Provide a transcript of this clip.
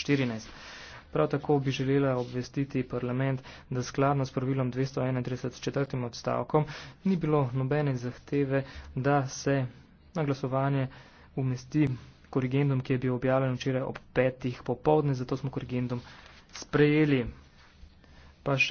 14. Prav tako bi želela obvestiti parlament, da skladno s pravilom 231. odstavkom ni bilo nobene zahteve, da se na glasovanje umesti korigendum, ki je bil objavljen včeraj ob petih popovdne, zato smo korigendum sprejeli. Pa še